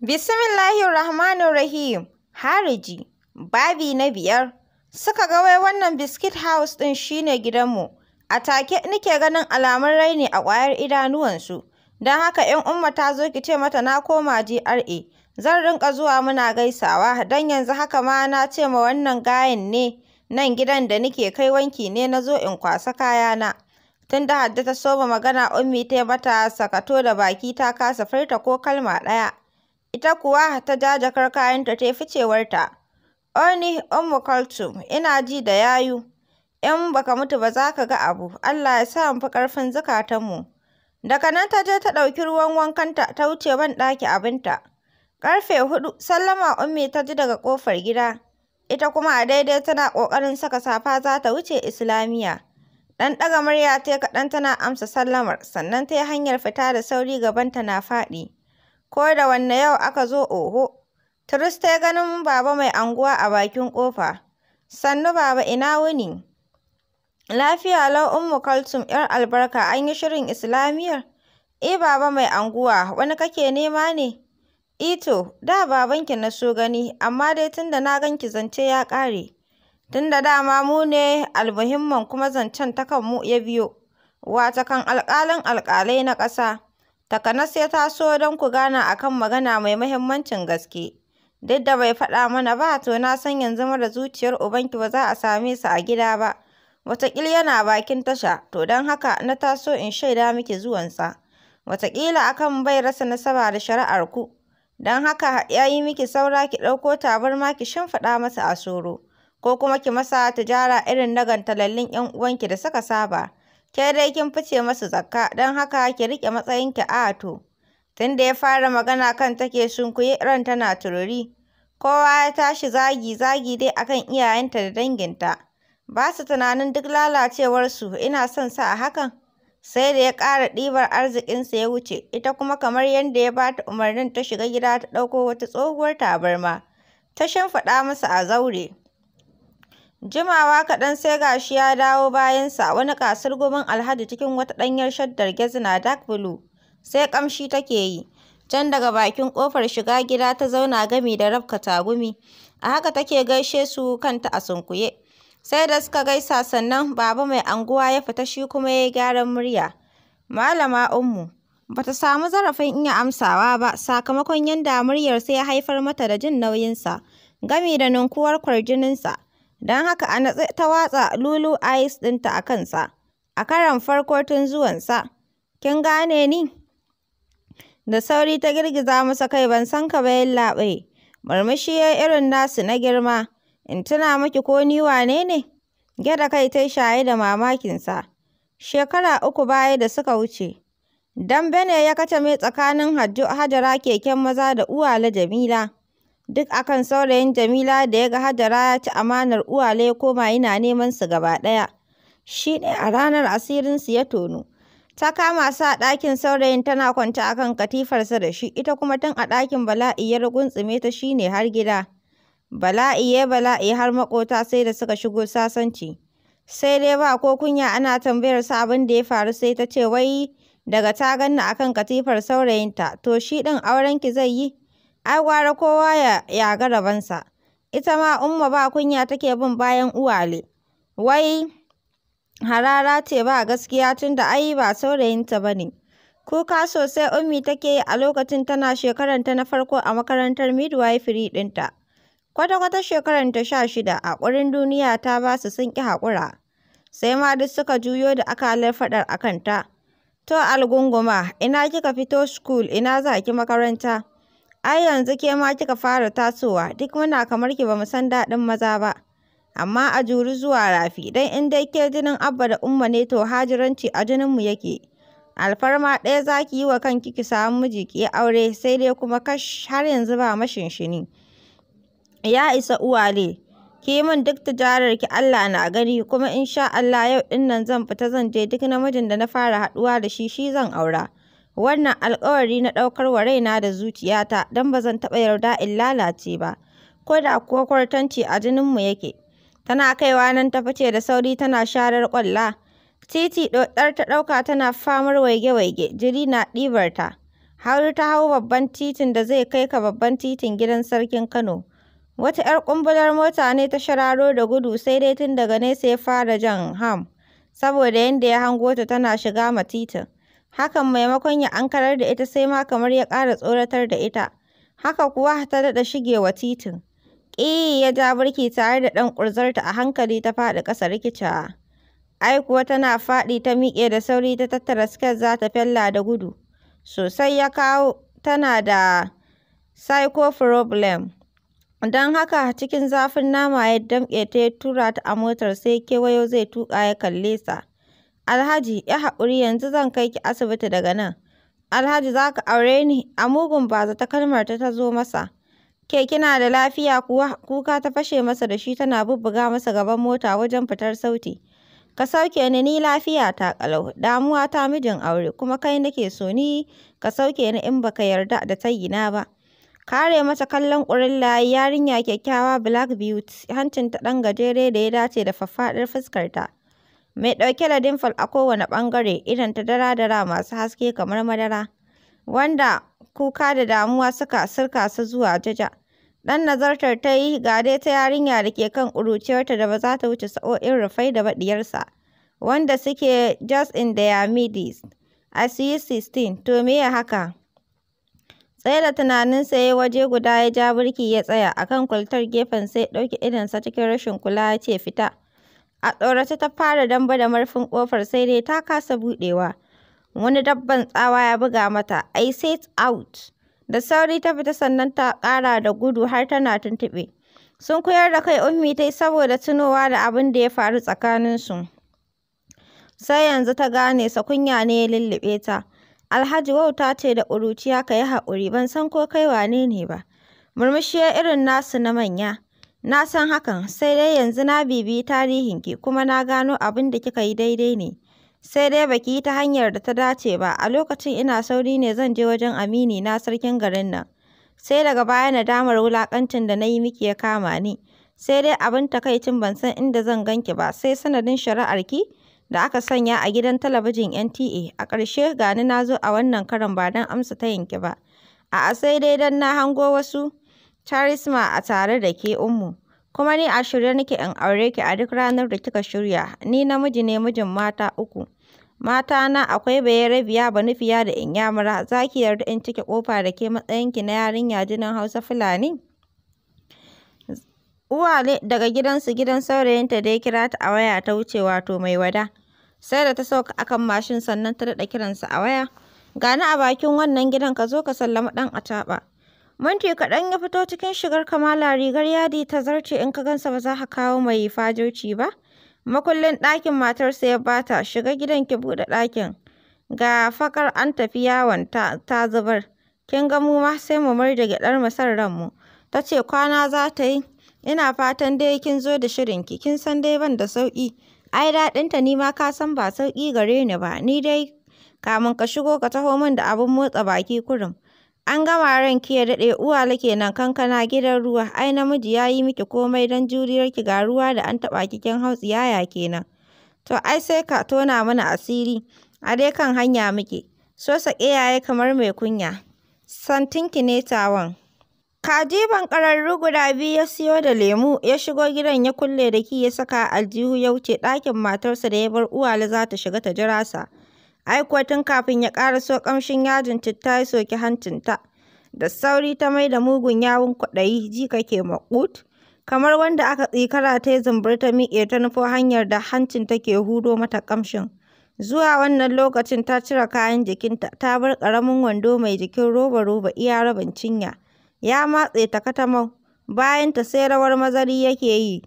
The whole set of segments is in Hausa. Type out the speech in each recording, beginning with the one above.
Bismillahirrahmanirrahim. Hariji, babi na biyar. Suka ga wai wannan biskit house ɗin shine gidanmu. A take nike ganin alamun raini a kwayar idanuwansu. Don haka 'yan Umma ta zo ki ce mata na koma GRA. Zan rinƙa zuwa muna gaisawa don yanzu haka ma na ce ma wannan gayen ne nan gidan da nike kai wanki ne na zo in kwasa kayana. Tun da Hadda ta soma magana Ummi ta mata sakato da baki ta kasa furta ko kalma ɗaya. Ita kuwa ta ja jakar kayanta ta fi cewarta. Oni Ummu ina ji da yayu, in baka mutu ba za ka ga abu, Allah ya sa mu fi ƙarfin zukatanmu. Daga nan ta je ta ɗauki ruwan wankanta ta wuce ban ɗaki abinta. Ƙarfe hudu, sallama Ummi ta ji daga ƙofar gida. Ita kuma a daidai tana ƙoƙarin saka safa za ta wuce Islamiyya. Ɗan ɗaga murya ta kaɗan tana amsa sallamar, sannan ta yi hanyar fita da sauri gabanta na faɗi. ko da wanne yau aka zo oho. Turistai ganin Baba mai anguwa a bakin kofa. Sannu Baba ina wuni? Lafiya lau Ummu Kaltum 'yar albarka an yi shirin Islamiyar? E eh, Baba mai anguwa wani kake nema ne? Ito, e da babanki na so gani, amma dai tunda na ganki zance ya ƙare. Tunda dama mu ne almuhimman kuma zancen ta kan mu ya biyo, wata kan alƙalin alƙalai na ƙasa. Takanas ya taso don ku gana a kan magana mai muhimmancin gaske. Duk da bai faɗa mana ba, to na san yanzu mara zuciyar ubanki ba za a same su a gida ba. Wataƙila yana bakin tasha, to don haka na taso in shaida miki zuwansa. Wataƙila akan bai rasa nasaba da shari'ar ku. Don haka ya yi miki saura ki ɗauko tabarma ki shimfiɗa masa a soro, ko kuma ki masa tijara irin na gantalallin 'yan uwanki da suka saba. ke dai kin fice masu zakka don haka ki riƙe matsayinki a to. Tun da ya fara magana kan take shunkuyi, ran tana tururi. Kowa ya tashi zagi-zagi dai akan iyayenta da danginta. Ba su tunanin duk lalacewarsu ina son sa a hakan. Sai da ya ƙara ɗibar arzikinsa ya wuce, ita kuma kamar yadda ya bata umarnin ta shiga gida ta ɗauko wata tsohuwar tabarma. Ta shimfiɗa masa a zaure. Jimawa kaɗan sai ga shi ya dawo bayansa wani kasurgumin Alhaji cikin wata ɗanyar shaddar gezina dark blue, sai ƙamshi take yi. Can daga bakin ƙofar shiga gida ta zauna gami da rabka tagumi, a haka take gaishe su kanta a sunkuye. Sai da suka gaisa sannan baba mai anguwa ya fita shi kuma ya yi gyaran murya. Malama Ummu, bata samu zarafin iya amsawa ba sakamakon yadda muryarsa ya haifar mata da jin nauyinsa, gami da ninkuwar kwarjininsa. don haka a natse ta watsa Lulu ice ɗinta a kansa, a karon farko tun zuwansa. Kin gane ni? Da sauri ta girgiza masa kai ban san ka ba laɓe, Murmushi ya irin nasu na girma. In tuna maki ko ni wane ne? Gyada kai ta shaye da mamakinsa. Shekara uku baya da suka wuce. Dambe ne ya kace mai tsakanin Hajara keken maza da Uwa Uwala Jamila. duk akan saurayin Jamila da ya ga Hajara ya ci amanar uwale ya koma yana neman su gaba ɗaya. Shi ne a ranar asirinsu ya tonu Ta kama sa a ɗakin saurayin tana kwance akan kan katifarsa da shi, ita kuma tun a ɗakin bala'i ya rugunzume ta shi ne har gida. Bala'i ya bala'i har maƙota sai da suka shigo sasanci. Sai dai ba ko kunya ana tambayar sa abin da ya faru sai ta ce wai daga ta ganna akan katifar saurayinta, to shi ɗin aurenki zai yi. Ai gwara kowa ya yaga rabonsa. Ita ma Umma ba kunya take bin bayan Uwale, wai harara ce ba gaskiya tunda ai ba saurayinta ba ne. Kuka sosai Ummi take yi a lokacin tana shekaranta na farko a makarantar midwifery ɗinta. Kwata-kwata shekaranta sha shida, haƙurin duniya ta ba su sun ƙi haƙura. Sai ma duk suka juyo da akalar faɗar a kanta. To algunguma, ina kika fito school, ina za ki makaranta. Ai yanzu ke ma kika fara tasowa, duk muna kamar ki bamu san daɗin maza ba. Amma a juri zuwa rafi, dan in dai ke jinin Abba da Umma ne to hajiranci a jinin mu yake. Alfarma ɗaya za ki yi wa kanki ki samu miji ki aure, sai dai kuma kash har yanzu ba mashinshini. Ya isa uwale, ki yi min duk tijarar ki Allah na gani, kuma in Allah yau din nan zan fita zan je duk namijin da na fara haɗuwa da shi shi zan aura. wannan alƙawari na ɗaukar wa raina da zuciyata don ba zan taɓa yarda in lalace ba, ko da kuwa kwartanci a jininmu yake. Tana kaiwa nan ta fice da sauri tana sharar ƙwalla. Titi ɗoɗar ta ɗauka tana famar waige-waige, jiri na ɗibar ta. har ta hau babban titin da zai kai ka babban titin gidan sarkin Kano. Wata 'yar ƙumbular mota ne ta shararo da gudu sai dai tun daga nesa ya fara jan ham, saboda yadda ya hango ta tana shiga ma titin. Hakan maimakon ya ankarar da ita sai ma kamar ya ƙara tsoratar da ita, haka kuwa ta daɗa shigewa titin. ƙi ya ja birki tare da ɗan ƙurzarta a hankali ta faɗi ƙasa rikicewa. Ai kuwa tana faɗi ta miƙe da sauri ta tattara siket za ta fella da gudu. Sosai ya kawo tana da psycho problem. Don haka cikin zafin nama ya damƙe ta ya tura ta a motar sai kewayo zai tuƙa ya kalle sa. Alhaji ya haƙuri yanzu zan kai ki asibiti daga nan. Alhaji za ka aure ni? A mugun baza ta kalmar ta zo masa. Ke kina da lafiya kuwa? Kuka ta fashe masa da shi tana bubbuga masa gaban mota wajen fitar sauti. Ka sauke ni ni lafiya ta ƙalau, damuwa ta mijin aure kuma kai nake so ni ka sauke ni in baka yarda da tayina ba. Kare mata kallon ƙurin layi yarinya kyakkyawa black beauty hancinta ɗan gajere da ya dace da faffaɗar fuskarta. mai ɗauke da dimfal a kowane ɓangare irin ta dara-dara masu haske kamar madara, wanda kuka da damuwa suka sirka su zuwa jaja. Ɗan nazartar ta yi ga ta yarinya da ke kan ƙuruciyarta da ba za ta wuce sa'o'in rufai da baɗiyarsa, wanda suke just in the midst. A c 16, to me ya haka? Tsaye da sa ya waje guda ya ja birki ya tsaya akan kan kwaltar gefen sai ɗauke ɗauki idonsa cikin rashin kula ya ce fita. A tsorace ta fara damba da marfin kofar, sai dai ta kasa buɗewa. Wani dabban tsawa ya buga mata, "I set out!" Da sauri ta fita sannan ta ƙara da gudu har tana tuntuɓe. Sun koyar da kai Ummi ta yi saboda tunowa da abin da ya faru tsakaninsu. Sai yanzu ta gane sa kunya ne ya lullube ta. Alhaji wauta ce da ƙuruciya ka yi haƙuri ban san ko kai wane ne ba. Murmushi irin nasu na manya. Na san hakan, sai dai yanzu na bibiyi tarihinki kuma na gano abin da kika yi daidai ne, sai dai baki yi ta hanyar da ta dace ba, a lokacin ina sauri ne zan je wajen Amini na sarkin garin nan, sai daga baya nadamar wulaƙancin da na yi miki ya kama ni, sai dai abin takaicin ban san inda zan ganki ba, sai sanadin shari'arki da aka sanya a gidan talabijin NTA, a ƙarshe ga na zo a wannan karon ba don amsa ki ba, a'a sai dai don na hango wasu Charisma a tare da ke Ummu, kuma ni a shirye nake in aure ki a duk ranar da kika shirya, ni namiji ne mijin mata uku. mata na akwai Bayarabiya, Banufiya da Inyamura, za ki yarda in cike kofa da ke matsayin ki na yarinya jinin Hausa Fulani? Uwale daga gidansu gidan saurayinta da ya kira ta a waya ta wuce wato mai wada. Sai da ta sauka akan mashin sannan ta daɗa kiransa a waya. Gani a bakin wannan gidan ka zo ka sallami ɗan acaɓa. Manti kaɗan ya fito cikin shigar kamala rigar yadi ta zarce in ka gansa ba za ka kawo mai fajoci ba. Makullin ɗakin matarsa ya bata, shiga gidan ki buɗe ɗakin. Ga fakar an tafi yawon ta, zubar. Kin ga mu ma sai mu murda gyaɗar mu san ranmu. Ta ce kwana za ta yi. Ina fatan dai kin zo da shirin ki. kin san dai ban da sauƙi. Ai daɗinta ni ma ka san ba sauƙi gare ni ba, ni dai kamin ka shigo ka taho min da abin motsa baki kurum. An gama ranki ya daɗe, uwale kenan kankana, gidan ruwa, ai namiji ya yi miki komai don juriyarki ga ruwa da an taɓa ki kin yaya kenan, to ai sai ka tona mana asiri, a dai kan hanya muke, so ya yaye kamar mai kunya, santinki ne tawon. Kaji banƙararru guda biyu ya siyo da lemu, ya shigo gidan ya kulle da ki ya saka aljihu ya wuce ɗakin matarsa da ya bar uwale za ta shiga ta jira sa. aikotin kafin ya so ƙamshin yajin citta ya soki hancinta. Da sauri ta mai da mugun yawun kwaɗayi ji kake maƙut. Kamar wanda aka tsikara ta yi zumbur ta miƙe ta nufo hanyar da hancin take hudo mata ƙamshin. Zuwa wannan lokacin ta cire kayan jikinta ta bar ƙaramin wando mai jikin roba-roba iya rabin cinya. Ya matse ta katamau. Bayanta sai rawar mazari yake yi.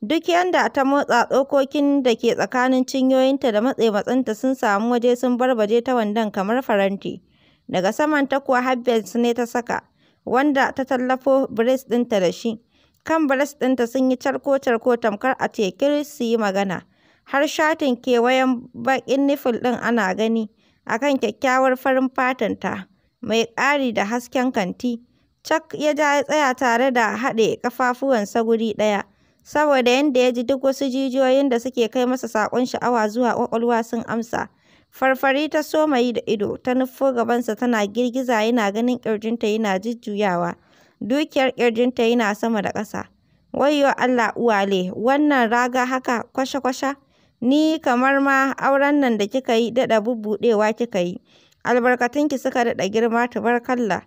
Duk yanda ta motsa tsokokin da ke tsakanin cinyoyinta da matse-matsensa sun samu waje sun barbaje ta wandon kamar faranti. Daga ta kuwa har ne ta saka, wanda ta tallafo bires ɗinta da shi. Kan bires ɗinta sun yi carko-carko tamkar a tekir su yi magana. Har shatin kewayen baƙin nifil ɗin ana gani a kan kyakkyawar farin fatan ta mai ƙari da hasken kanti. Chuck ya ja ya tsaya tare da haɗe ƙafafuwansa guri ɗaya. saboda yadda ya ji duk wasu jijiyoyin da suke kai masa saƙon sha'awa zuwa ƙwaƙwalwa sun amsa. Farfari ta soma yi da ido, ta nufo gabansa tana girgiza yana ganin ƙirjinta yana jujjuyawa. Dukiyar ƙirjinta yana sama da ƙasa. Wayyo Allah uwale, wannan raga haka kwasha-kwasha, ni kamar ma auren nan da kika yi daɗa bubbuɗewa kika yi. Albarkatunki suka daɗa girma tabarkalla.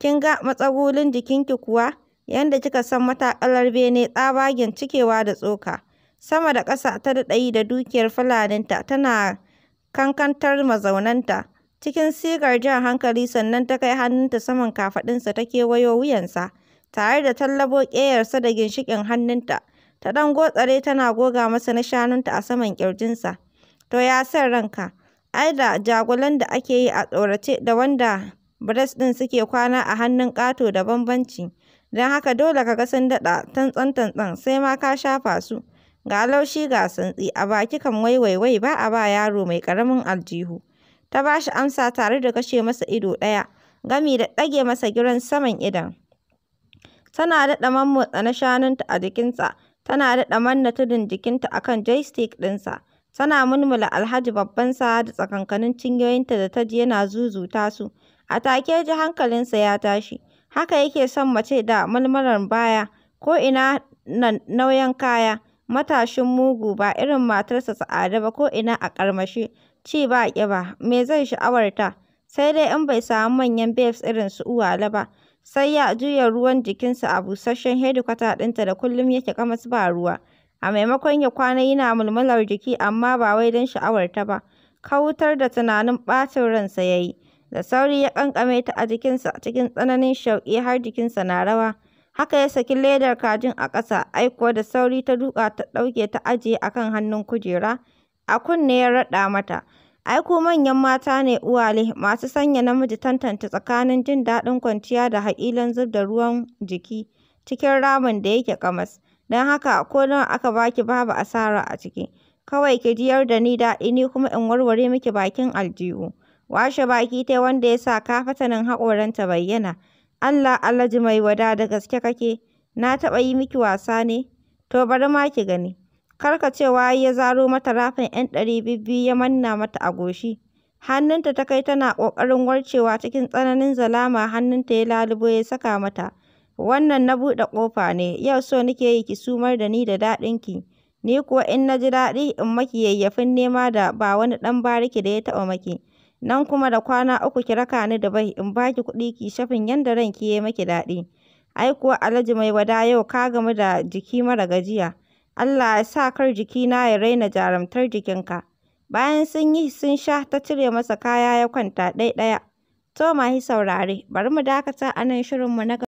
Kin ga matsagulin jikinki kuwa? yanda kika san matakalar bene tsabagen cikewa da tsoka. Sama da ƙasa ta daɗayi da dukiyar Fulaninta tana kankantar mazaunanta. Cikin sigar jan hankali sannan ta kai hannunta saman kafaɗinsa ta kewayo wuyansa, tare da tallabo ƙeyarsa da ginshikin hannunta. Ta ɗan gotsare tana goga masa na shanunta a saman ƙirjinsa. To ya san ranka, ai da jagulan da ake yi a tsorace da wanda bres ɗin suke kwana a hannun ƙato da bambanci. Don haka dole ka ga sun daɗa tantsan-tantsan sai ma ka shafa su. Ga laushi ga santsi, a baki kan waiwaiwai ba a ba yaro mai ƙaramin aljihu. Ta ba shi amsa tare da kashe masa ido ɗaya, gami da ɗage masa giran saman idan Tana daɗa mammotsa na shanunta a jikinsa, tana daɗa manna tudun jikinta a kan joystick ɗinsa. Tana mulmula Alhaji babban sa da tsakankanin cinyoyinta da ta ji yana zuzuta su. A take ji hankalinsa ya tashi. Haka yake son mace da mulmular baya, ko'ina nauyin kaya, matashin mugu, ba irin matarsa Sa'ade ba ko'ina a ƙarmashi? ci ba ba. me zai sha'awarta, sai dai in bai samu manyan babes irin su Uwale ba, sai ya juya ruwan jikinsa a busasshen hedikwata ɗinta da kullum yake ƙamas ba ruwa, a maimakon ya kwana yana mulmular jiki amma ba wai don sha'awarta ba, Kawutar da tunanin ɓacin ransa ya yi. Da sauri ya ƙanƙame ta a jikinsa cikin tsananin shauƙi har jikinsa na rawa. Haka ya saki ledar kajin a ƙasa, aikuwa da sauri ta duƙa ta ɗauke ta ajiye a kan hannun kujera. A kunne ya raɗa mata. Aiko manyan mata ne uwale, masu sanya namiji tantance tsakanin jin daɗin kwanciya da haƙilan zub da ruwan jiki cikin ramin da yake kamas Don haka ko nawa aka baki babu asara a ciki. Kawai ki jiyar da ni daɗi ni kuma in warware miki bakin aljihu. Washe baki tai wanda ya sa ka fatanin haƙoranta bayyana. Allah Alhaji mai wada da gaske kake, na taɓa yi miki wasa ne? To bari ma ki gani. cewa ya zaro mata rafin 'yan ɗari bibbi ya manna mata a goshi. Hannunta ta kai tana ƙoƙarin warcewa cikin tsananin zalama hannunta ya lalubo ya saka mata. Wannan na buɗe ƙofa ne, yau so nake yi ki sumar da ni da daɗinki. Ni kuwa in na ji daɗi in maki yayyafin nema da ba wani ɗan bariki da ya taɓa maki. nan kuma da kwana uku ki raka ni Dubai in ba ki kuɗi ki yi shafin yadda ranki ya maki daɗi. Ai kuwa Alhaji wada yau ka gamu da jiki mara gajiya. Allah ya sa kar jikina ya raina jarumtar jikinka. Bayan sun yi sun sha ta cire masa kaya ya kwanta ɗai ɗaya. To ma hi saurare, bari mu dakata a nan shirinmu na gaba.